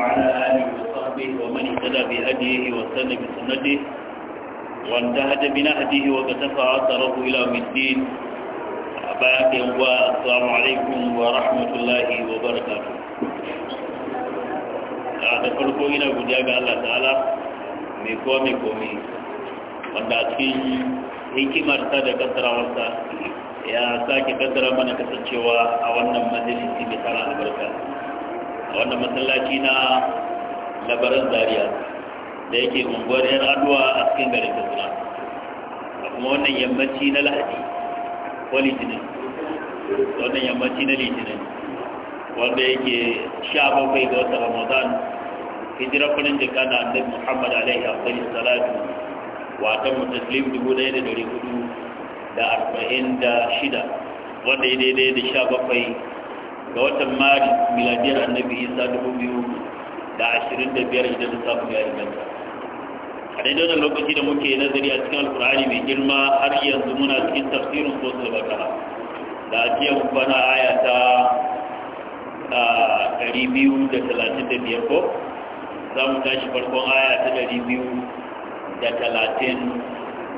وعلى آله وصحبه ومن اهتدى بهديه وسن بسنته وانتهج بنهجه وكتفى أثره إلى من الدين أباك والسلام عليكم ورحمة الله وبركاته أتفرق إلى بجاب الله تعالى a wannan masallaci na labaran zaria da yake unguwar yan aduwa a cikin garin katsina a kuma wannan yammaci na lahadi ko litinin wannan yammaci na litinin wanda yake sha bakwai ga wata ramadan hijira kunin da Kana annabi muhammad alaihi abdullahi salatu watan mutaslim dubu daya da dari hudu da arba'in da shida wanda ya daidai da sha bakwai ga watan mari miladiyar annabi isa dubu biyu da ashirin da biyar idan lissafin yari inganta a daidai wannan lokaci da muke nazari a cikin alkur'ani mai girma har yanzu muna cikin tafsirin ko su da ajiyar bana aya ta ɗari biyu da talatin da biyar ko za mu tashi farkon aya ta ɗari biyu da talatin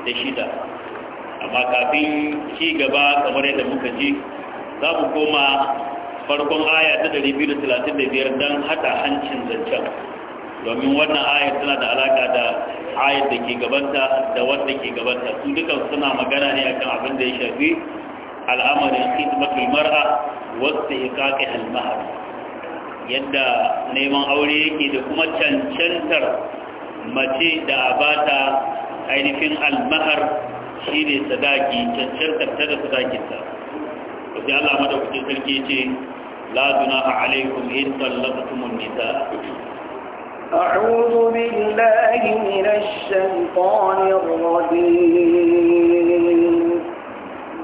da shida amma kafin ci gaba kamar yadda muka ji za mu koma farkon aya ta 235 don hada hancin zancen domin wannan ayar tana da alaka da ayar da ke gabanta da wanda ke gabanta su dukan suna magana ne akan abin da ya shafi al'amarin khidmatul mar'a wasu hikaki halmahar yadda neman aure yake da kuma cancantar mace da abata ainihin almahar shi ne sadaki cancantar ta da sadakinta sai Allah madaukakin sarki ce la junaha alaikum in tallaqtumun nisa أعوذ بالله من الشيطان الرجيم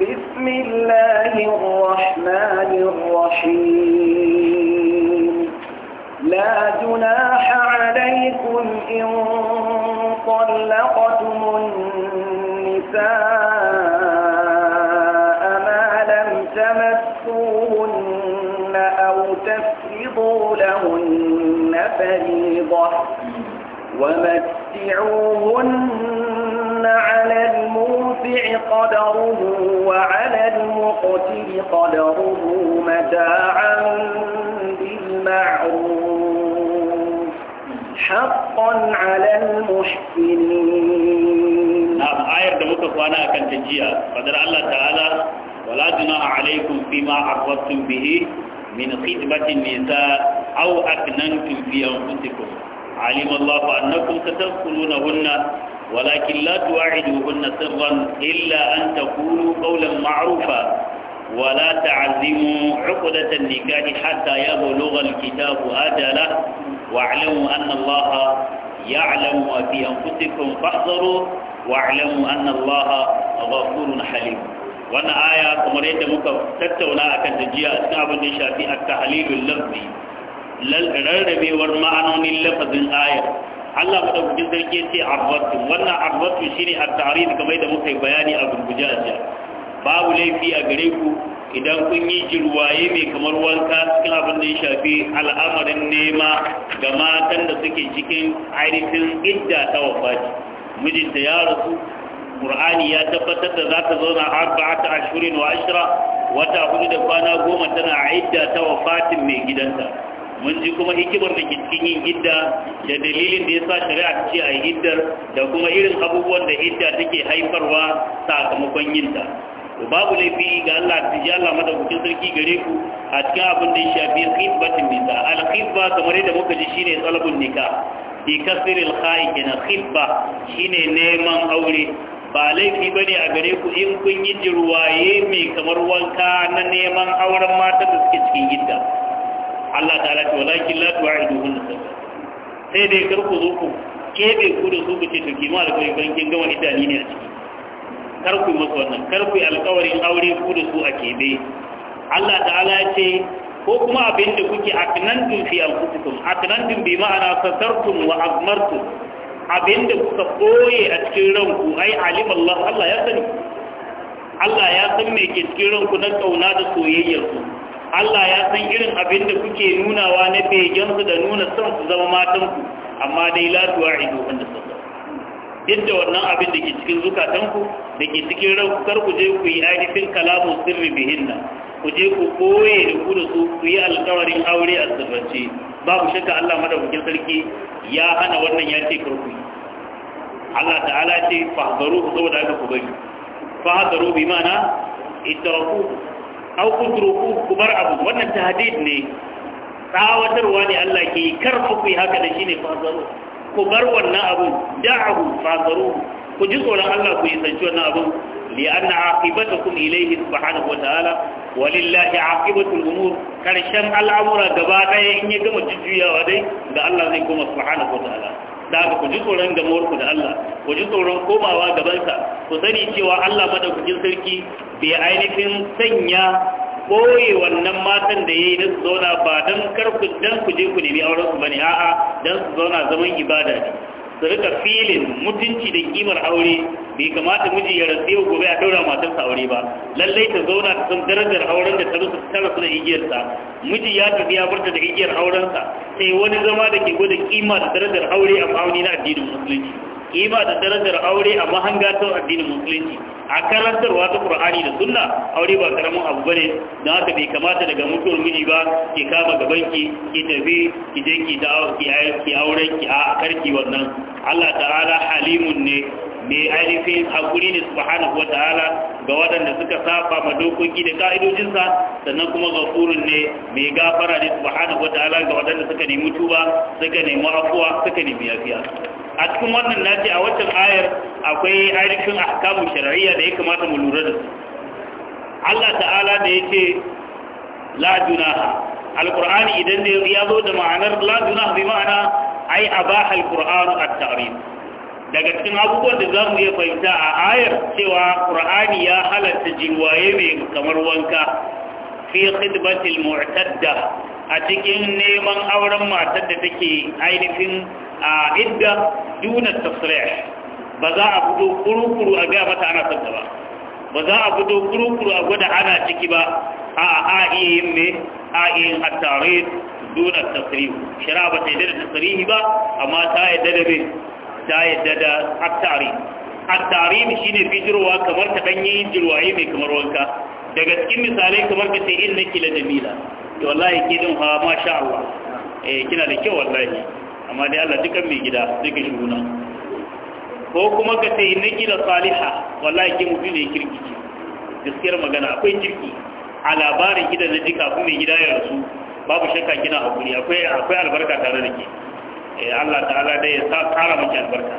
بسم الله الرحمن الرحيم لا جناح عليكم إن فريضة ومتعوهن على الموسع قدره وعلى المقتل قدره متاعا بالمعروف حقا على المحسنين نعم آية دموك وانا أكن تجيها فدر الله تعالى ولا جناح عليكم فيما عرضتم به من خدمة النساء aw aknantum fi anfusikum alima Allah annakum satazkurunahunna walakin la tuwa'iduhunna sirran illa an taqulu qawlan ma'rufa ولا تعزموا عقدة النكاح حتى يبلغ الكتاب أجله واعلموا أن الله يعلم ما في أنفسكم فاحذروا واعلموا أن الله غفور حليم wannan aya kamar yadda muka tattauna akan tajiya a cikin abin da ya shafi at rarrabewar ma'anonin lafazin ayar Allah madaukakin sarki ce arbatu wannan arbatu shine a tarihi kamar da muka bayani a gurguje a jiya babu laifi a gare ku idan kun yi jirwaye mai kamar wanka cikin abin da ya shafi al'amarin nema ga matan da suke cikin ainihin idda ta wafati mijinta ya rasu Qur'ani ya tabbatar da ta zauna arba'ata ashirin wa ashra wata hudu da kwana goma tana idda ta wafatin mai gidanta mun ji kuma hikimar da cikin yin hidda da dalilin da ya sa shari'a ce a yi hiddar da kuma irin abubuwan da hidda take haifarwa sakamakon yinta babu laifi ga Allah ta ji Allah madaukakin sarki gare ku a cikin abin da ya shafi khidbatin nisa al khidba kamar yadda muka ji shine talabun nika bi al kha'i na khidba shine neman aure ba laifi ba ne a gare ku in kun yi jirwaye mai kamar wanka na neman auren mata da suke cikin gidda Allah ta'ala ce walakin la tu'iduhun sai dai kar ku zo ku kebe ku da su ku ce to kima da kai ban gama idani ne a ciki kar masu wannan kar ku alƙawarin aure ku da su a kebe Allah ta'ala ya ce ko kuma abin da kuke aknantum fi A aknantum bi ma'ana fasartum wa azmartum abin da kuka koye a cikin ranku ai alim Allah Allah ya sani Allah ya san me ke cikin ranku na kauna da soyayyar ku Allah ya san irin abin da kuke nunawa na begensu da nuna son su zama matanku amma dai latuwa idohun da sassa yadda wannan abin da ke cikin zukatanku da ke cikin raukar ku je ku yi ainihin kalamun sirri bihinna ku je ku koye da ku da su ku yi alkawarin aure a sirrance babu shakka Allah madaukakin sarki ya hana wannan ya ce karku Allah ta'ala ce fahdaru ku saboda haka ku bari fahdaru bi mana ittaraku au kudruku ku bar abu wannan tahdid ne tsawatarwa ne Allah ke yi karfa ku yi haka da shi ne ku bar wannan abu da'ahu ku ji tsoron Allah ku yi sanci wannan abu li anna aqibatukum ilayhi subhanahu wa ta'ala walillahi aqibatul umur karshen al'amura gaba daya in ya gama jujjuyawa dai Da Allah zai kuma subhanahu wa ta'ala da haka ku ji tsoron gamuwarku da Allah ku ji tsoron komawa gabansa ku sani cewa Allah madaukakin sarki bai ainihin sanya ɓoye wannan matan da yayi yi su zauna ba don karku dan ku je ku nemi aurensu ba ne a'a dan su zauna zaman ibada ne su rika filin mutunci da kimar aure bai kamata miji ya rantsi wa gobe a daura matarsa aure ba lallai ta zauna ta san darajar auren da ta rusa ta rasu da igiyarsa miji ya tafi ya furta da igiyar aurensa sai wani zama da ke gwada kima darajar aure a ma'auni na addinin musulunci kima da darajar aure a mahanga addinin musulunci a karantarwa ta qur'ani da sunna aure ba karamin abu bane don haka bai kamata daga mutuwar miji ba ke kama gaban ki tafi ki je ki da ki aure ki a karki wannan Allah ta'ala halimun ne mai ainihin hakuri ne subhanahu wa ta'ala ga waɗanda suka saba ma dokoki da ka'idojinsa sannan kuma gafurun ne mai gafara ne subhanahu wa ta'ala ga waɗanda suka nemi tuba suka nemi afuwa suka nemi yafiya a cikin wannan nace a wancan ayar akwai ainihin ahkamu shar'iyya da ya kamata mu lura da su Allah ta'ala da yace la junaha alqur'ani idan da ya zo da ma'anar la junaha bi ma'ana ai abaha alqur'anu at daga cikin abubuwan da za mu iya fahimta a ayar cewa qur'ani ya halatta jiwaye mai kamar wanka fi khidbatil mu'tadda a cikin neman auren matar da take ainihin a idda duna tasrih ba za a fito kurukuru a ga mata ana son ba ba za a fito kurukuru a gwada ana ciki ba a a iya yin me a iya yin at-tarih duna tasrih ba ta yadda da tasrih ba amma ta yadda da me ta yadda da at-tarih kamar ta danye mai kamar wanka daga cikin misalai kamar ka ce in nake la jamila masha Allah eh, kina da kyau wallahi amma dai Allah dukan mai gida duka shuguna ko kuma ka sai na gida saliha wallahi ke mutu ne kirki gaskiyar magana akwai kirki a labarin gida na jika kuma mai gida ya rasu babu shakka kina hakuri akwai akwai albarka tare da ke eh Allah ta'ala dai ya sa kara miki albarka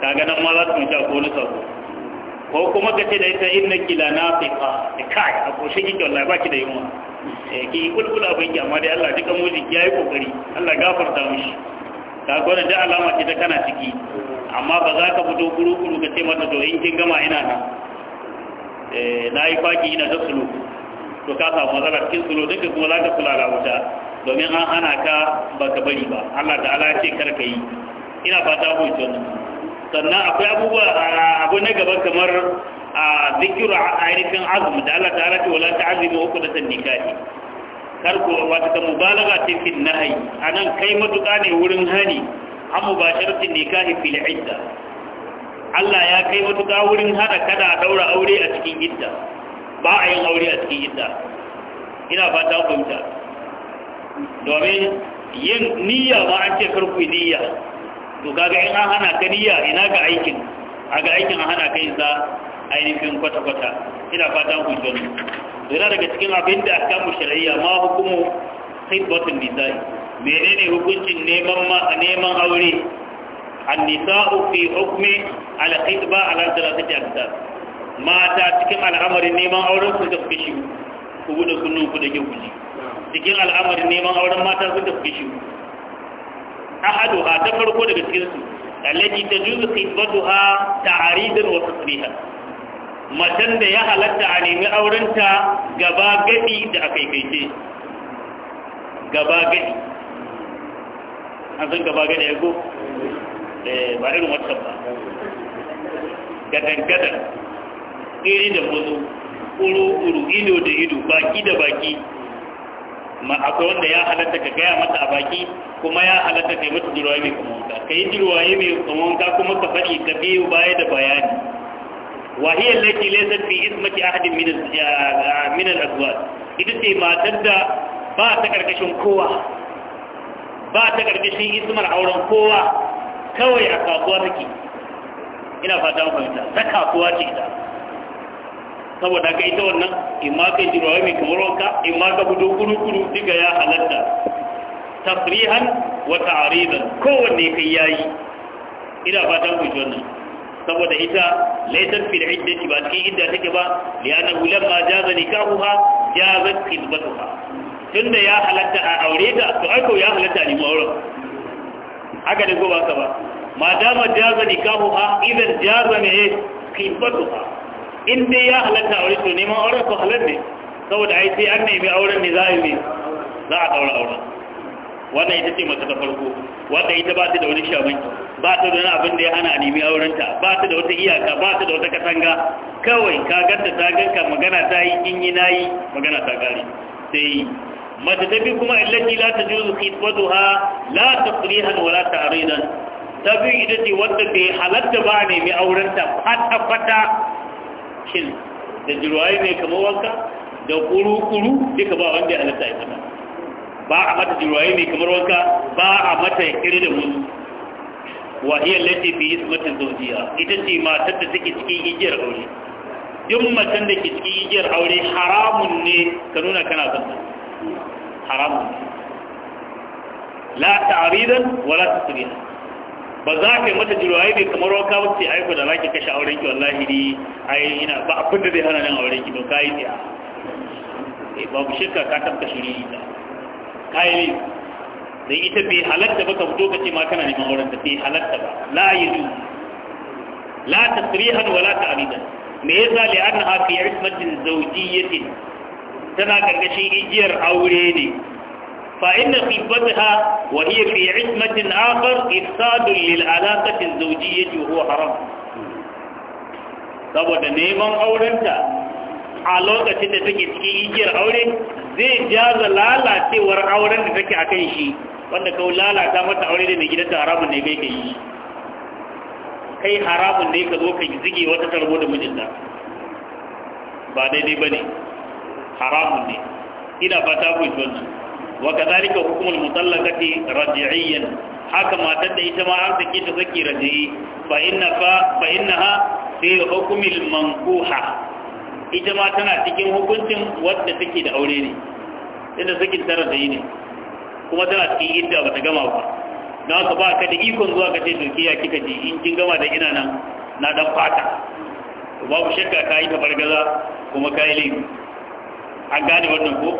kaga nan ma za ku ta ko ni sako ko kuma ka ce da ita inna kila nafiqa eh, kai a koshe kike wallahi baki da yunwa eh ki kulkul abin ki amma dai Allah duka mujin yi kokari Allah gafarta mishi ka gwada da alama ce ta kana ciki amma ba za ka fito kuru kuru ka ce mata to in kin gama ina nan eh, Na yi faki ina ta sulu to ka samu matsalar cikin sulu duka kuma za ka kula da wuta domin an hana ka ba ka bari ba Allah ta'ala ala ce kar ka yi ina fata ku wannan sannan akwai abubuwa abu na gaba kamar a zikiru a ainihin azumi da Allah ta ce wala ta'azimu uqdatan nikahi karku wata ta mubalaga ce fil a anan kai matuƙa ne wurin hani an mubasharatin nikahi fil idda Allah ya kai matuƙa wurin hada kada daura aure a cikin idda ba a yin aure a cikin idda ina fata fahimta domin yin niyya ba an ce karku niyya to kaga in an hana ka niyya ina ga aikin a ga aikin a hana ka yin sa ainihin kwata-kwata ina fatan hujjar yana daga cikin abin da aka mu shari'a ma hukumu hibbatun nisa'i menene hukuncin neman ma neman aure An annisa'u fi hukmi al khitba ala thalathati aqsam mata cikin al'amarin neman auren su da fishi ku gudu kunnu ku da gauji cikin al'amarin neman auren mata su da fishi ahaduha ta farko daga cikin su allati tajuzu khitbatuha ta'ridan wa tasrihan matan da ya halatta a nemi aurenta gaba gadi da aka ikaice gaba gadi an san gaba gadi ya go eh, ba irin whatsapp ba gadan-gadan iri da muzu uru-uru ido da ido baki da baki ma akwai wanda ya halatta ka gaya mata a baki kuma ya halatta ka yi mata jirwaye mai kuma wanka ka yi jirwaye mai kuma wanka kuma ka faɗi ka biyu baya da bayani وهي التي ليست في إثمة أحد من من الأزواج إذا تي ما تدى با تكركشن كوا با تكركشن إثمر kowa kawai a kasuwa تكي ina fata mu fahimta ta kasuwa ce ita saboda ka ita wannan in ma ka mai kamar wanka in ma ka gudu gudu gudu duka ya halatta tafrihan wa ta'aridan kowanne kai yayi ina fata mu fahimta wannan saboda ita laysan fil iddati ba cikin idda take ba li'annahu lamma jaza nikahuha jaza khidmatuha tunda ya halatta a aure ta to ai ko ya halatta ne mu auren da ne ko ba ka ba ma dama jaza nikahuha idan jaza ne khidmatuha in dai ya halatta aure to neman auren ko halal ne saboda ai sai an nemi auren ne za a yi za a daura auren wannan ita ce mata ta farko wanda ita ba ta da wani shabanki ba ta da abin da ya hana nemi aurenta ba ta da wata iyaka ba ta da wata katanga kawai ka ganta ta ganka magana ta yi in yi nayi magana ta kare sai mace ta bi kuma illati la ta juzu khitbatuha la tasrihan wa la ta'ridan ta bi ita ce wanda bai halatta ba ne mai aurenta fata fata shin da jirwaye ne kamar wanka da kuru kuru duka ba wanda ya halatta ya ba a mata jirwaye ne kamar wanka ba a mata ya kiri da musu wa hiya allati fi ismatin zawjiha ita ce matar da take cikin igiyar aure duk matan da ke cikin igiyar aure haramun ne ka kana son ta haramun la ta'ridan wa la tasriha ba za ka yi mata jirwaye bai kamar wanka wacce aiko da zaki kashe auren ki wallahi ni ina ba hana nan babu ka yi dan ita bai halatta ba ka fito ka ce ma kana neman auren ta bai halatta ba la yuzu la tasrihan wala ta'ridan me yasa li annaha fi ismatin zawjiyyatin tana gargashin igiyar aure ne fa inna khibataha wa hiya fi ismatin akhar ifsadun lil alaqati zawjiyyati wa huwa haram saboda neman aurenta a lokacin da take cikin igiyar aure zai jaza lalacewar auren da take a kan shi wanda kawo lalata mata aure da mai gidanta haramun ne kai ka yi kai haramun ne ka zo ka zige wata tarbo da mijinta ba daidai ba ne haramun ne ina fata ku kuwa wannan wa ka hukumul mutallaqati raji'iyyan haka matar da ita ma an sake ta saki raji'i fa inna ha sai hukumil mankuha ita ma tana cikin hukuncin wadda take da aure ne inda sakin tara da yi ne kuma tana cikin idda ba ta gama ba na ka ba ka da ikon zuwa ka ce ya kika ji in kin gama da ina nan na dan fata babu shakka ka yi gaza kuma ka yi laifi an gane wannan ko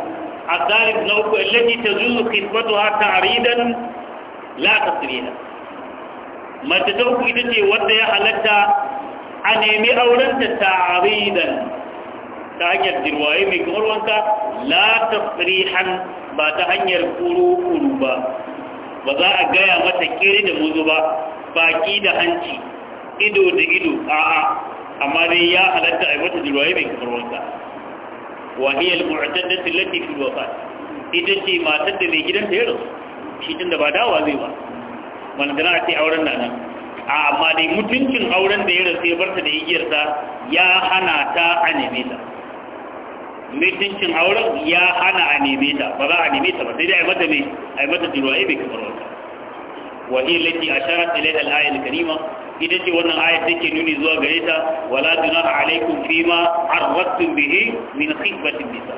الثالث نوك التي تجوز خدمتها تعريدا لا تصريحا ما تتوك ya halatta a nemi auren ta ta'ridan ta hanyar jirwaye mai kamar wanka la tafrihan ba ta hanyar kuru-kuru ba ba za a gaya mata kere da muzu ba baki da hanci ido da ido a'a amma dai ya halatta a yi mata jirwaye mai kamar wanka da mu'addadatin fi wafa ita ce matar da mai gidan tero shi tun da ba dawa zai ba wanda a ce auren na nan amma dai mutuncin auren da ya rasu ya barta da igiyarsa ya hana ta a neme ta mutuncin auren ya hana a neme ta ba za a neme ta ba sai dai a yi mata jiro ai mai kamar wata wa hiya lati asharat ilayha al da al-karima ita ce wannan ayat take nuni zuwa gare ta wala junaha alaikum fima arradtum bihi min khifati nisa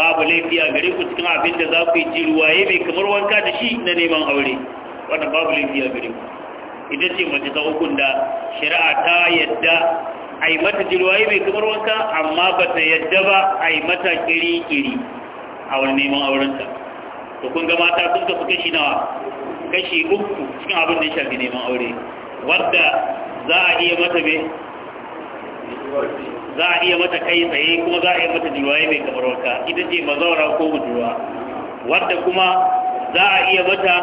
babu laifi a gare ku cikin abin da za ku yi jiruwaye mai kamar wanka da shi na neman aure wannan babu laifi a gare ku ita ce mace ta hukun shari'a ta yadda Ai mata jirwaye mai kamar wanka amma ba ta yadda ba a yi mata kiri-kiri a wani neman aurenta to kun ga mata sun kafa kashi nawa kashi uku cikin abin da ya shafi neman aure wadda za a iya mata be za a iya mata kai tsaye kuma za a iya mata jirwaye mai kamar wanka ita ce mazaura ko mutuwa wadda kuma za a iya mata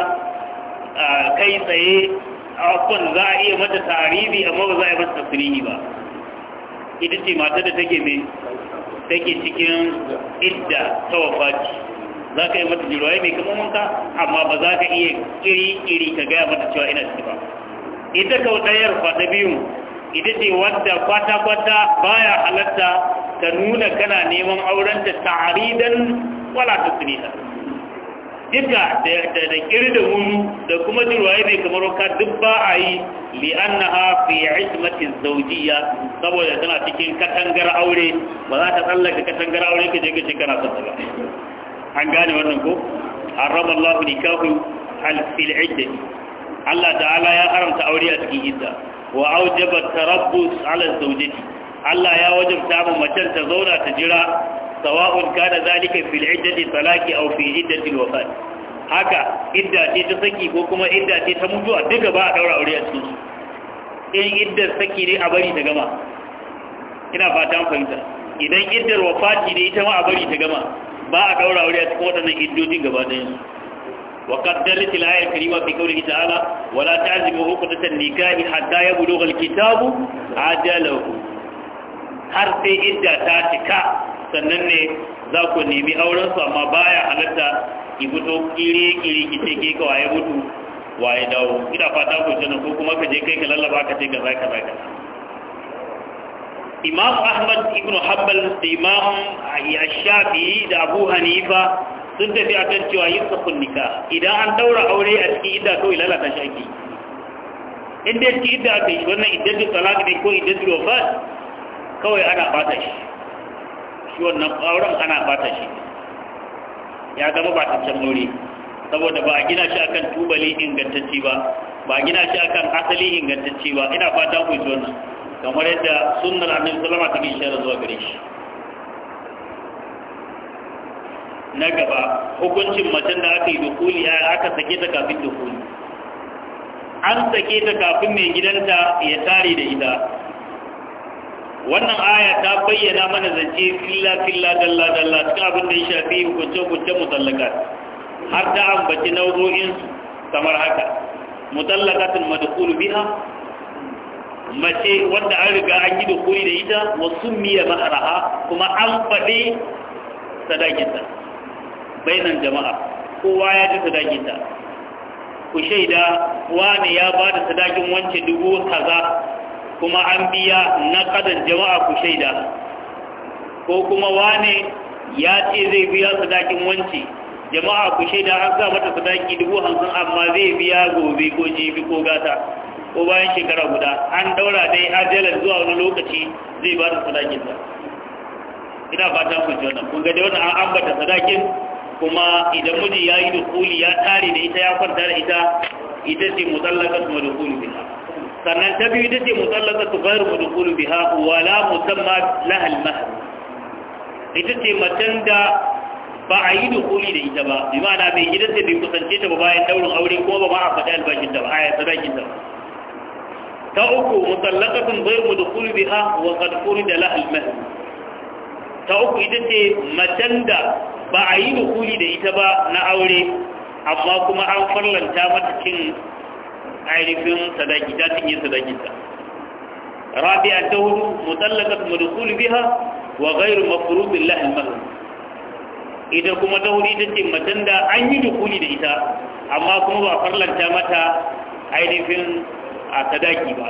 kai tsaye a za a iya mata tarihi amma ba za a yi mata tasirihi ba ita ce mata da take mai take cikin idda ta wafaci za ka yi mata jirwaye mai kamominka amma ba za ka iya kiri-kiri ka gaya mata cewa ina ciki ba ita kautayar kwata biyu ita ce wadda kwata-kwata baya halatta ka nuna kana neman aurenta ta'aridan wala ta duka da da kiri da wuru da kuma jirwaye bai kamar wanka duk ba a yi li'annaha fi ismatin zawjiyya saboda tana cikin katangar aure ba za ta tsallaka katangar aure ka je ka ce kana son ba an gane wannan ko harrama Allahu nikahu al fil iddati Allah ta'ala ya haramta aure a cikin idda wa aujaba tarabbus ala zawjati Allah ya wajabta mu macen ta zauna ta jira sawa'un kana zalika fil iddati talaqi aw fi iddati wafat haka idda ce ta saki ko kuma idda ce ta mutuwa duka ba a daura aure a cikin in iddar saki ne a bari ta gama ina fatan fahimta idan iddar wafati ne ita ma a bari ta gama ba a daura aure a cikin wadannan iddodin gaba ɗayan su karima fi الكريمة ta'ala قوله تعالى ولا تعزموا nikahi hatta حتى al-kitabu ajalahu har sai idda ta cika sannan ne za ku nemi aurensu amma baya halatta ki fito kiri-kiri ki ce ke kawai mutu waye dawo ina fata ku jana ko kuma ka je kai ka lallaba ka ce ka za ka za ka imam ahmad ibn hanbal da imam shafi da abu hanifa sun tafi a kan cewa yin sakun nika idan an daura aure a cikin idda kawai lalata shi ake in dai cikin idda aka yi wannan iddatu talak ne ko iddatu wafat kawai ana bata shi shi wannan auren ana bata shi ya zama ba tantan nuri saboda ba a gina shi akan tubali ingantacci ba ba a gina shi akan asali ingantacci ba ina fata ku ji wannan kamar yadda sunnar annabi sallama ta bi shara zuwa gare shi na gaba hukuncin macen da aka yi dukuli aka sake ta kafin dukuli an sake ta kafin mai gidanta ya tare da ita wannan aya ta bayyana mana zance filla filla dalla dalla cikin abin da ya shafi hukunce hukunce mutallaka har ta ambaci nau'o'in kamar haka mutallaqatul madkhulu biha mace wanda an riga an yi dukuri da ita wa summiya ma'a'raha kuma an faɗi sadakinta bainan jama'a kowa ya ji sadakinta ku shaida wani ya ba da sadakin wance dubu kaza kuma an biya na kadan jama'a ku shaida ko kuma wane ya ce zai biya sadakin wanci jama'a ku shaida an sa mata sadaki dubu hamsin amma zai biya gobe ko jibi ko gata ko bayan shekara guda an daura dai ajiyar zuwa wani lokaci zai ba ta sadakin sa ina fata ku ji wannan kun ga dai wannan an ambata sadakin kuma idan miji ya yi dukuli ya tare da ita ya kwanta da ita ita ce mutsallakas madukuli bin sannan ta biyu ita ce musallaka su bayar mu dukulu biha wala musamman lahal mahar ita ce macen da ba a yi dukuli da ita ba bi ma'ana bai gidan da bai kusance ta ba bayan daurin aure ko ba ma a faɗi albashin ta ba a yi sadakin ta ba ta uku musallaka sun bayar mu dukulu biha wa kadkuri da lahal mahar ta uku ita ce macen da ba a yi dukuli da ita ba na aure amma kuma an farlanta mata cin ainihin sadaki ta cinye sadakinta rabi'a ta hudu mutallaqat madkhul biha wa ghairu mafrud lillahi al-mahr ita kuma ta hudu ita ce matan da an yi dukuli da ita amma kuma ba farlanta mata ainihin a sadaki ba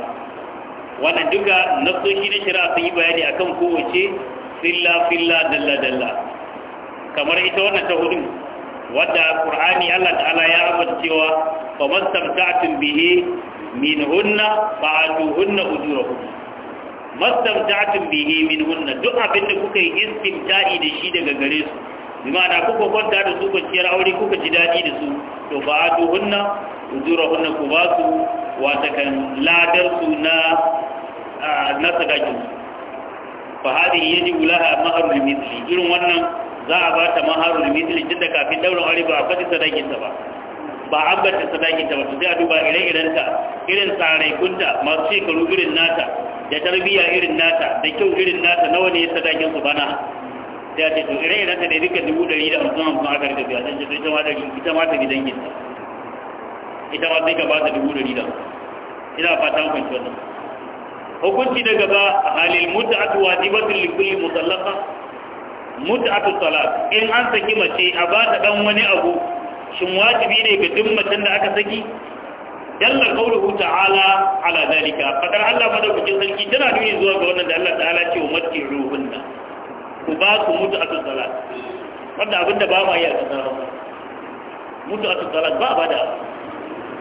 wannan duka na nasoshi na shari'a sun yi bayani a kan kowace filla filla dalla dalla kamar ita wannan ta hudu wadda Al-ƙur'ani Allah ta'ala ya amince cewa fa mastamta'tum bihi minhunna fa'atuhunna ujurahunna mastamta'tum bihi hunna, duk abin da kuka yi istimta'i da shi daga gare su bi da kuka kwanta da su kwanciyar aure kuka ji daɗi da su to fa'atuhunna ujurahunna ku ba su wata kan ladar su na na su. fa hadi yaji laha mahrul mithli irin wannan za a ba ta maharul misli da kafin daurin aure ba a fadi sadakin ta ba ba a ambata sadakin ta ba to sai a duba ire-iren ta irin tsarai kunta masu shekaru irin nata da tarbiyya irin nata da kyau irin nata nawa ne sadakin su bana sai a ce to ire-iren ta ne duka dubu ɗari da hamsin hamsin aka rika biya don ce ita ma da ita ma ta gidan ginta ita ma sai ka ba ta dubu ɗari da ina fatan kwanci wannan hukunci daga ba halil mutu a tuwa jibatun likulli musallaka mut'atu salat in an saki mace a ba ta dan wani abu shin wajibi ne ga duk macen da aka saki dalla qawluhu ta'ala ala zalika fadar Allah madaukakin sarki tana nuni zuwa ga wannan da Allah ta'ala ce wa ruhun matiruhunna ku ba ku mutu a salat wanda abinda ba ma yi a Mutu a salat ba ba da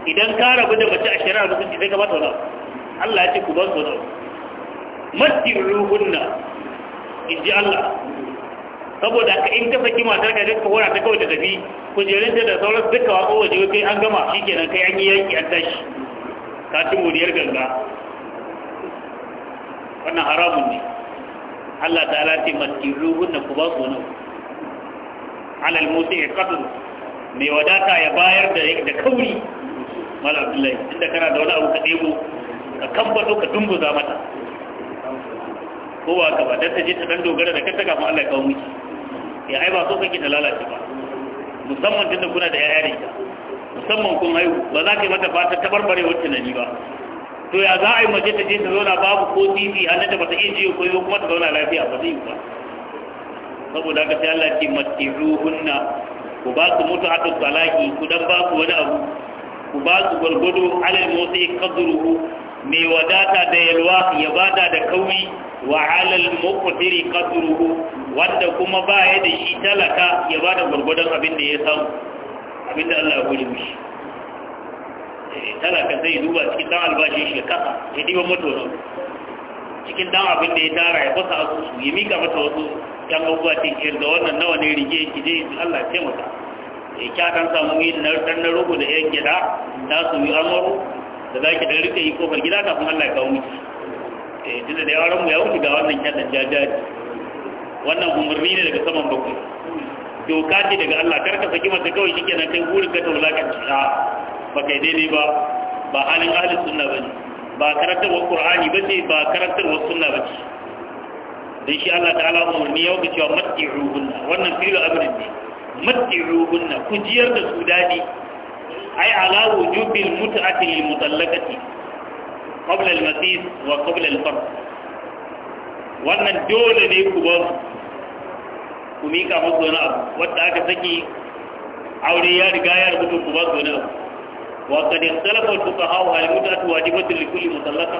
idan ka rabu da mace a shari'a mutunci sai ka ba ta wani Allah ya ce ku ba su wani matiruhunna in ji Allah saboda ka in ka saki matar ka ka hora ta kawai da tafi kujerun ta da sauran duka wa kowace wakai an gama shi kenan kai an yi yanki an tashi ka ci moriyar ganga wannan haramun ne Allah ta lati maskiru wannan ku ba su nan alal ya qadr mai wadata ya bayar da da kauri mala abdullahi inda kana da wani abu ka debo ka kambato ka dumbuza mata kowa ka ba don ta je ta dan dogara da kanta kafin Allah ya kawo miki ya eh, ai ba so kake ta lalace ba musamman tunda kuna da yaya da ita musamman kun haihu ba za ka yi mata fata ta barbare wacce na ni ba to ya za a yi mace ta je ta zauna babu ko titi hannun da ba ta iya jiyo ko yau kuma ta zauna lafiya ba zai yi ba saboda haka sai Allah ce mati'uhunna ku ba su mutu hatu salaki ku dan ba ku wani abu ku ba su gwargwado alal motsi kadruhu mai wadata da yalwa ya bada da kauri wa halal muqtiri qadruhu wanda kuma ba ya da shi talaka ya bada gurgudan abin da ya samu abin da Allah ya gudu mishi eh, talaka zai duba cikin dan albashin shi kasa ya diba mutuwa cikin dan abin da ya tara ya fasa asusu ya mika mata wasu yan abubuwa ke da wannan nawa ne rige ki je Allah ya taimaka ya eh, kyatan samu yin na rubu da yan gida na su yi amuru da za ki da rike yi kofar gida kafin Allah ya kawo miki eh tunda da yaran mu ya wuce ga wannan kyadan jajaji wannan umarni ne daga saman bakwai doka ce daga Allah karka saki mata kawai shi kenan kai burin ka ta ka a ba kai daidai ba ba halin ahalin sunna ba ne ba wa qur'ani ba ce ba wa sunna ba ce dan shi Allah ta'ala umarni ya wuce cewa matti'uhunna wannan filu amrin ne matti'uhunna ku jiyar da su dadi ai ala wujubil mut'ati qabla wa qabla wannan dole ne ku ba ku musu wani abu aka saki aure ya riga ya rubuta ku ba su wani abu wa ikhtalafa wa mutallaqa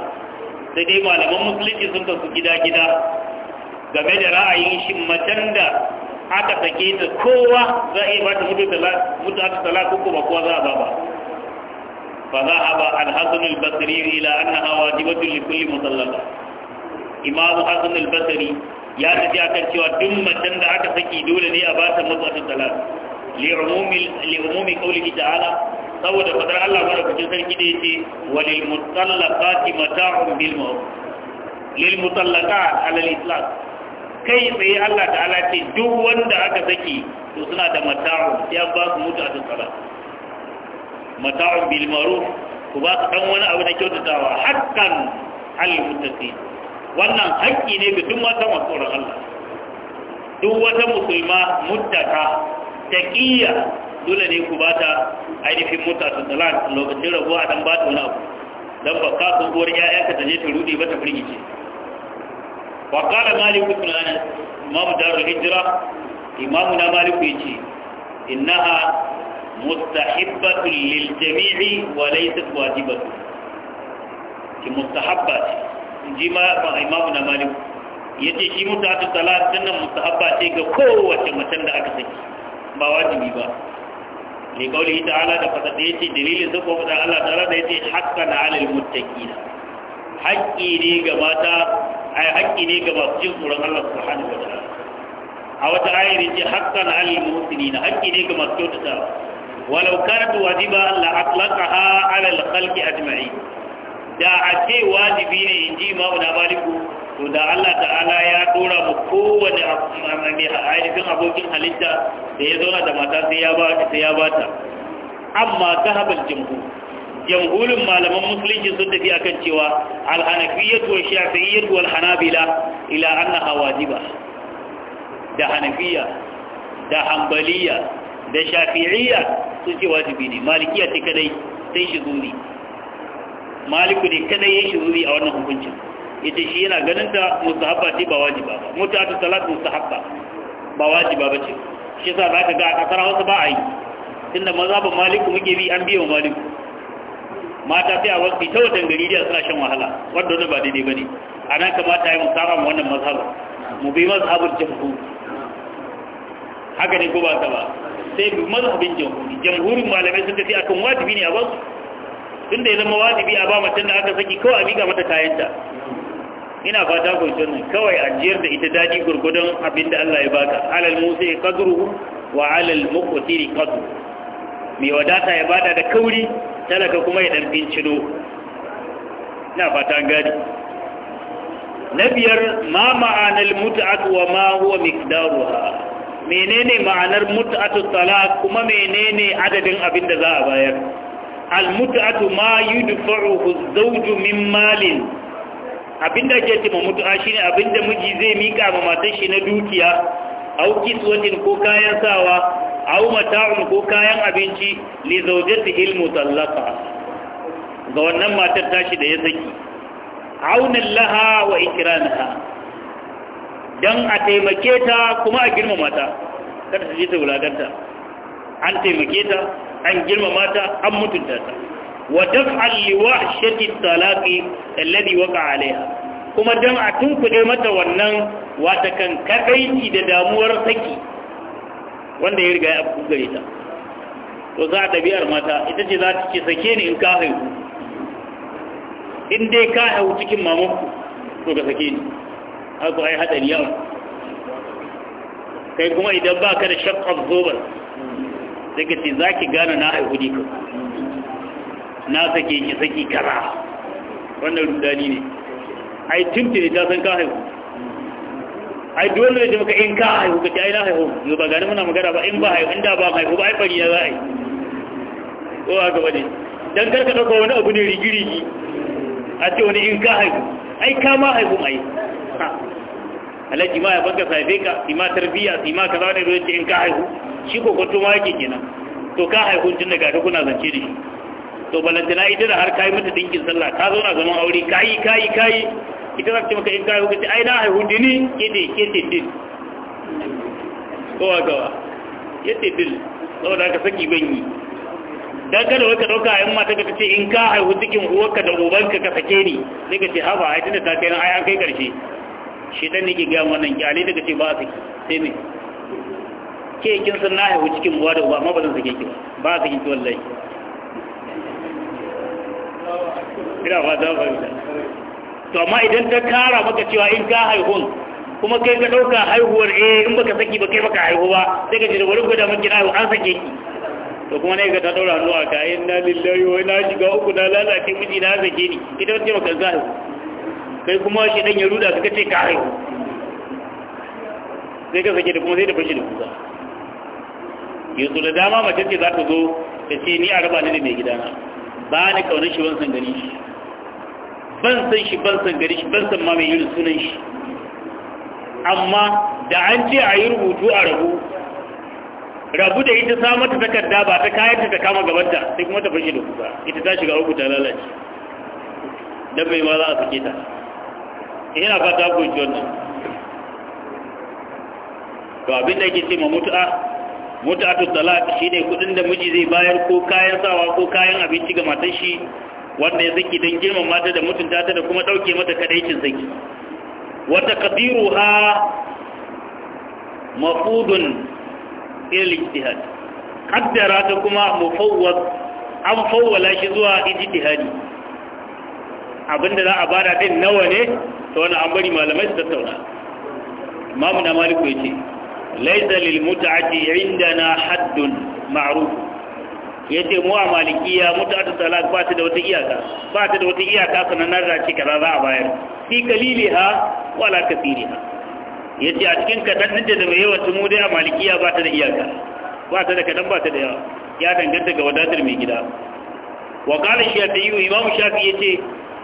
sai dai malaman musulunci sun gida gida game da ra'ayin shi macen da aka sake ta kowa za a yi ba ta mutu aka tala ko kuma kowa za a ba ba fa za a ba alhassan albasiri ila an na hawa jibatun likulli musallaka imamu hassan albasiri ya tafi akan cewa duk macen da aka saki dole ne a ba ta mutu aka tala li'umumi kaulihi ta'ala saboda fadar Allah madaukakin sarki da yace walil mutallaqati mata'un bil ma'ruf lil mutallaqat ala al islam kai tsaye Allah ta ce duk wanda aka saki to suna da mata'un ya ba su mutu a tsara mata'un bil ma'ruf ku ba su dan wani abu na kyautatawa hakkan al muttaqi wannan haƙƙi ne ga duk wata masoran Allah duk wata musulma muttaka taqiyya dole ne ku bata ainihin mutu a tsara lokacin rabuwa dan ba ta wani abu dan ba ka tsohuwar 'ya'yanka ta je ta rude ba ta firgice wa qala malik ibn anas imam darul hijra imam na malik yace innaha mustahabbatun lil jami'i wa laysat wajibatun ki mustahabba ce ji ma imam na Ya ce shi mutatu salat dinnan mustahabba ce ga kowace macen da aka saki ba wajibi ba ne kauli ta'ala da fata da yace dalilin saboda Allah ta'ala da yace haqqan 'alal muttaqina haƙƙi ne ga mata ai haƙƙi ne ga masu jin tsoron Allah subhanahu wa ta'ala a wata ayar yace haqqan 'alal muhsinin haƙƙi ne ga masu ta walaukar kanat wajiba la ha 'ala al a jima'i. da a ce wajibi ne inji imamu na maliku to da Allah ta'ala ya dora mu kowane ainihin abokin halitta da ya zauna da mata sai ya ba ta amma ta sahabal jumhur jamhurin malaman musulunci sun tafi akan cewa alhanafiyyatu wa shafi'iyyatu wal hanabila ila annaha wajiba da hanafiya da hambaliya, da shafi'iyya sun ce wajibi ne malikiya ce kadai sai shi zuri maliku ne kadai ya shi zuri a wannan hukuncin ita shi yana ganin ta haɓa ce ba wajiba ba mutatu salat haɓa ba wajiba ba ce shi yasa zaka ga a ƙasar Hausa ba a yi tunda maza ba maliku muke bi an biya maliku mata sai a wasu ta wajen gari da suna shan wahala wanda wani ba daidai ba ne a nan kamata yi musara ma wannan mazhabar mu bi mazhabar jamhur haka ne ko ba ta ba sai bi mazhabin jamhuri jamhurin malamai sun tafi akan wajibi ne a ba tun da ya zama wajibi a ba mutum da aka saki kawai a miƙa mata kayanta ina fata ku nan kawai ajiyar da ita daɗi gurgudan abin da Allah ya baka alal musa qadruhu wa alal muqtiri qadru mai wadata ya bada da kauri talaka kuma ya ɗan bincino na fata gadi na biyar ma ma'anar mutu'atu wa ma huwa miqdaruha menene ma'anar mutu'atu talaq kuma menene adadin abin da za a bayar al mutu'atu ma yudfa'uhu az-zawju min malin abinda ke ce mutu'a shine abinda miji zai mika ma matar shi na dukiya au kiswatin ko kayan sawa aw mata'un ko kayan abinci li zawjatihi al-mutallaqa ga wannan matar tashi da ya saki aunin laha wa ikiranaha don a taimake ta kuma a girmama ta kada ta je ta wulaganta an taimake ta an girmama ta an mutunta ta wa daf'al liwa shati talaqi alladhi waqa alaiha kuma dan a tunkuɗe mata wannan wata kan kadaici da damuwar saki wanda ya riga ya abu gare ta to za a ɗabi'ar mata ita ce za ta ce sake ni in ka haihu in dai ka haihu cikin mamaku to ka sake ni haka ai haɗari yawa kai kuma idan ba ka da shakkar zobar sai ka ce za ki gane na haihu ne ka na sake ki saki kaza wannan rudani ne ai tuntun ita san ka haihu ai dole da muka in ka haihu ka ce ai na haihu yau ba gani muna magana ba in ba haihu inda ba haihu ba ai fari ya za a yi ko a gaba ne don karka ɗauka wani abu ne rigirigi a ce wani in ka haihu ai ka ma haihu mai alaji ma ya banka saife ka si ma tarbiyya si ma kaza wani zai ce in ka haihu shi ko kwanto ma yake kenan to ka haihu tun daga duk kuna zance da shi to balantana ita da har kayi mata dinkin sallah ka zauna zaman aure kayi kayi kayi ita za ka ce maka in kayi hukunci ai na haihu dini kete kete din kowa gawa kete din saboda aka saki ban yi dan kada wata ka dauka ayin mata ka ce in ka haihu cikin uwarka da ubanka ka sake ni sai ka ce haba ai tunda ta kai nan ai an kai karshe shi dan ke ga wannan kyale daga ce ba a saki sai ne ke kin san na haihu cikin uwa da uba amma ba zan sake ki ba ba sake ki wallahi ina ba za ba to amma idan ta kara maka cewa in ka haihun kuma kai ka ɗauka haihuwar eh in baka saki ba kai baka haihu ba sai ka ji da wani gwada maki na haihu an sake ki to kuma ne ka ta ɗaura hannu a kayan na lillahi wai na shiga uku na lalace miji na sake ni ita ce maka za haihu kai kuma shi ɗan ya ruda suka ce ka haihu sai ka sake da kuma sai da fashi da kusa yanzu da dama mace ce za ta zo ta ce ni a raba ni da mai gidana ba ni kaunar shi ban san gani shi ban san shi ban san gari shi ban san ma mai yin sunan shi amma da an ce a yi rubutu a rabu rabu da ita ta mata takarda ba ta kayan ta kama gabanta sai kuma ta fashe da kusa ita ta shiga rubuta lalace don mai ma za a suke ta yana fata ku ji wannan to abin da yake ce ma mutu'a mutu'atu talaq shine kudin da miji zai bayar ko kayan sawa ko kayan abinci ga matar shi wanda ya saki don girman mata da mutunta ta da kuma ɗauke mata kadaicin saki wata Kabiru ha mafudun ilijtihad kaddara ta kuma an fawwala shi zuwa ijtihadi abinda za a bada ɗin nawa ne ta wani an bari malamai su tattauna mamuna na maliku ya ce laisa yayin da na haddun ma'arufu ya ce mu a malikiya mutu tattala ba ta da wata iyaka ba ta da wata iyaka sananar da ce kaza za a bayar fi kalili ha wala kasiri ha ya ce a cikin kaɗan da mai yawan mu dai a malikiya ba ta da iyaka ba ta da kaɗan ba ta da yawa ya danganta ga wadatar mai gida wa kala shafi'i imam shafi ya ce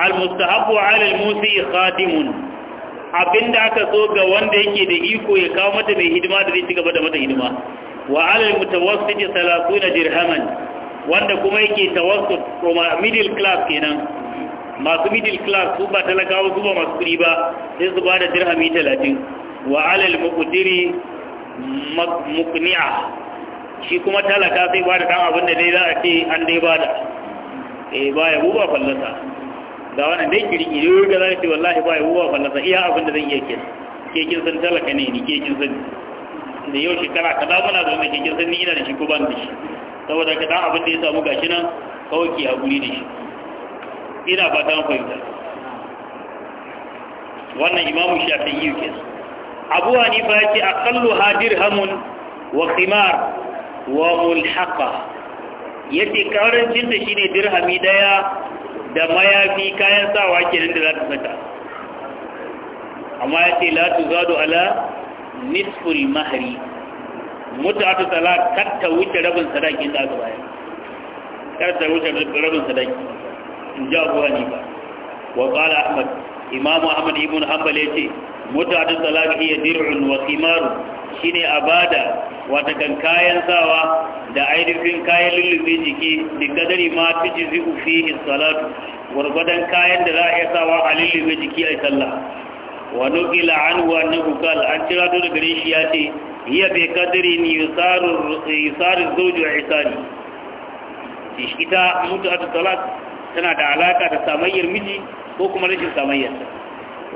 al mustahabu ala al musi khadimun abinda aka so ga wanda yake da iko ya kawo mata mai hidima da zai ci gaba da mata hidima wa alal mutawassiti 30 dirhaman wanda kuma yake tawassul kuma middle class kenan masu middle class su ba talakawa su ba masu kuri ba sai su ba da dirhami talatin wa alal muqdiri muqni'a shi kuma talaka sai ba da dan abin da dai za a ce an dai ba da eh ba ya buba fallasa ga wannan dai kirkiri yau ga zai ce wallahi ba ya buba fallasa iya abin da zan iya kin san talaka ne ni kin san da yau kana kaza muna zo ne kin san ni ina da shi ko ban da shi saboda ka dan abin da ya samu gashi nan kawai ki haƙuri da shi ina ba ta fahimta wannan imamu shafi'i ke abu hanifa yake aqallu hadir hamun wa qimar wa mulhaqa yace karancin da shine dirhami daya da mayafi kayan sawa kenan da za ta saka amma yace latu tuzadu ala nisful mahari. mutu talak kar ta wuce rabin sadaki, da aka bayar kar ta wuce rabin sadaki in ji abu ba wa kala ahmad imam ahmad ibn hanbal yace mutatu talak iya dir'un wa khimaru shine abada wata kan kayan sawa da ainihin kayan lullube jiki da kadari ma tujizi fi salatu gwargwadon kayan da za a iya sawa a lullube jiki a sallah wa nukila an wa annahu an cira to gare shi ya ce hiya bi qadrin yusaru yusaru zawju ihsani ita mutu'atu salat tana da alaka da samayyar miji ko kuma rashin samayyar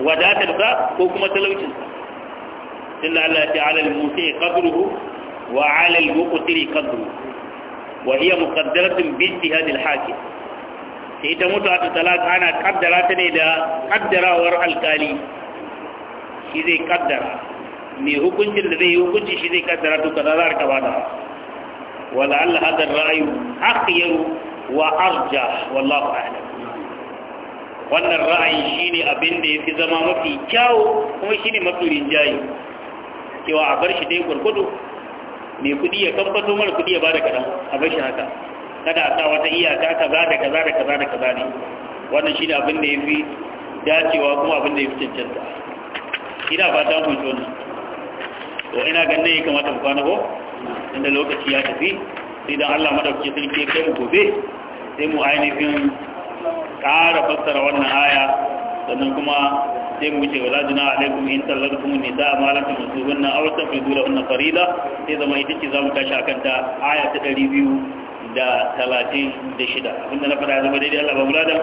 wadatar ko kuma talaucin sa tunda Allah ya ce alal musi qadruhu wa alal muqtiri qadruhu wa hiya muqaddaratun bi sai ita mutu ana kaddara ta da kaddarawar alkali shi zai mai hukuncin da zai yi hukunci shi zai kaddara to kaza za a rika bada wala Allah hada ra'ayu akhyaru wa arja wallahu a'lam wannan ra'ayi shine abin da yafi zama mafi kyawu kuma shine mafi rinjayi cewa a bar shi dai gurgudu mai kudi ya kamfato mara kudi ya bada kadan a bar shi haka kada a sa wata iyaka kaza da kaza da kaza da kaza ne wannan shine abin da yafi dacewa kuma abin da yafi cancanta ina fata kun tona to ina ganin ya kamata ku kwana ko inda lokaci ya tafi sai dan Allah madauki sarki kai mu gobe sai mu ainihin ƙara fassara wannan aya sannan kuma sai mu wuce wala jina alaikum in tallakum nida ma lam tusibunna aw tafidu lahunna farida sai zama ita ce zamu tashi akan ta aya ta 236 da abinda na fara zama daidai Allah ba mulada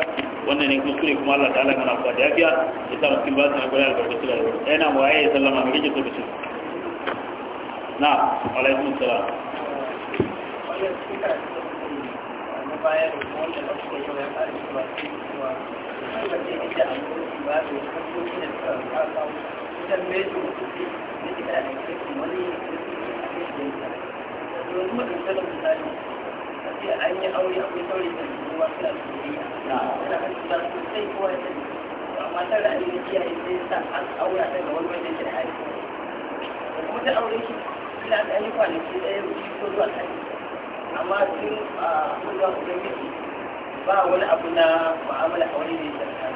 wannan ne kuskure kuma Allah ta'ala mana fada yafiya ya sa mutum ba su na gudanar da kuskure da mu aya sallama mu rike su na alaikun salam an yi da kiyaye sai sa daga wani aure shi ina yi kwanaki ɗaya ko zuwa kai amma tun a hulɗar ubangiji ba wani abu na mu'amala aure da ya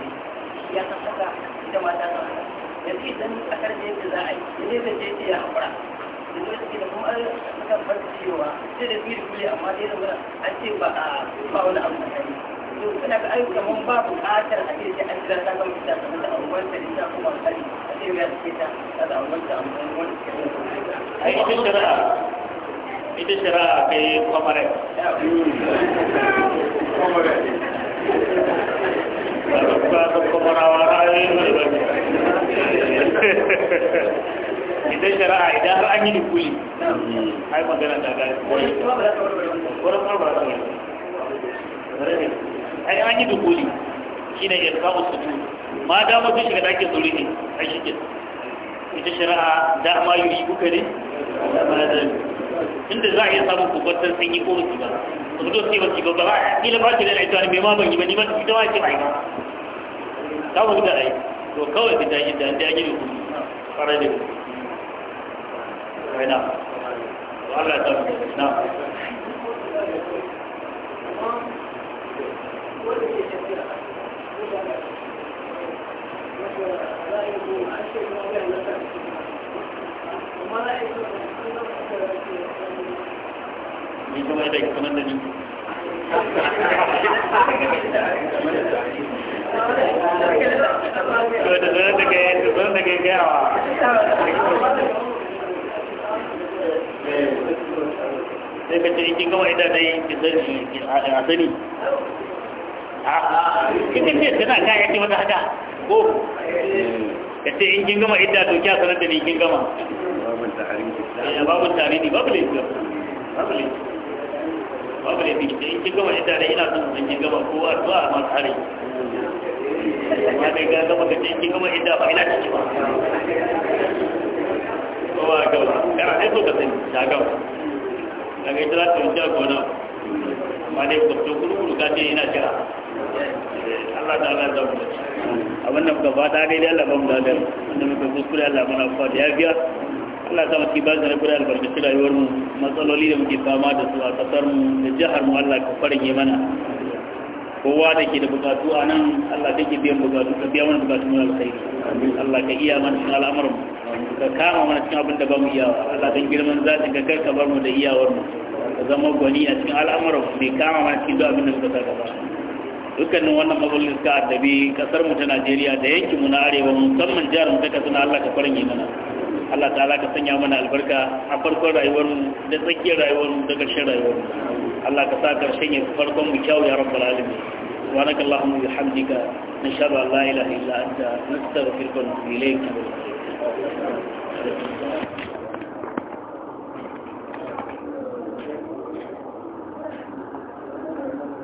ya san haka ita ma ta san haka yanzu idan a karfe yadda za a yi ne zai je ya haƙura da zai suke da kuma an saka cewa sai da biyu kule amma dai da mura an ce ba a ba wani abu na kai to suna ga ayyuka mun ba buƙatar a ce an jira ta gama fita kamar da abubuwan ta ta kuma kari a ce ya suke ta da abubuwan ta amma wani suke Ayi ita shari'a ita shari'a kai kwamare kwamare ba ta kwamarawa ra'ayi mai ba ita har an yi da ai magana da gari wani kuma ba za ai an yi da shine ya kawo su tu ma dama sun shiga dakin zuri ne ai yi kuka inda za a iya samun kubbatar sun yi ko ba ba su fito su wasu ba ba a kila ba ce da na ita mai ma ba ni ita ma ce ba ba ta wani da ai to kawai fita yi da inda ya gini ku fara da ku na to Allah ta mu na Thank you. ni kuma da da ni to da zan da kai zan gawa sai ka ce dai ki sani a sani kin ce tana wata haka ko ka ce in kin gama idda to kya sanar da ni kin gama babu tarihi eh, babu lissafi babu babu da bikin in kin gama ita da ina son in kin gama ko ma tare amma dai ga gama ka ce kin gama ita ba ina ciki ba kowa ga kana ai so ka sani ta gama daga ita za ta wuce gona amma dai kwafto kurkuru ka ina jira Allah ta Allah da abin da gaba ta dai Allah da wanda muka kuskure Allah muna fa da ya biya Allah ta maki ba zana guda albarkaci rayuwar mu matsaloli da muke fama da su a kasar mu da jihar mu Allah ka farage mana kowa da ke da bukatu a nan Allah take biyan bukatu ka biya mana bukatu mun alkhairi Allah ka iya mana cikin al'amuran mu ka kama mana cikin abin da ba mu iyawa Allah dan girman zatin ka karka bar mu da iyawar mu ka zama gwani a cikin al'amuran mu mai kama mana cikin abin da muka saka ba dukkanin wannan mabullin ka addabi kasar mu ta Najeriya da yankin mu na arewa musamman jihar mu ta kasar Allah ka farin mana Allah ta'ala ka sanya mana albarka a farkon rayuwar mu da tsakiyar rayuwar mu da ƙarshen rayuwar mu Allah ka sa ƙarshen ya farkon mu kyau ya rabbal alamin wa naka Allahumma bihamdika nashhadu an la ilaha illa anta nastaghfiruka wa natubu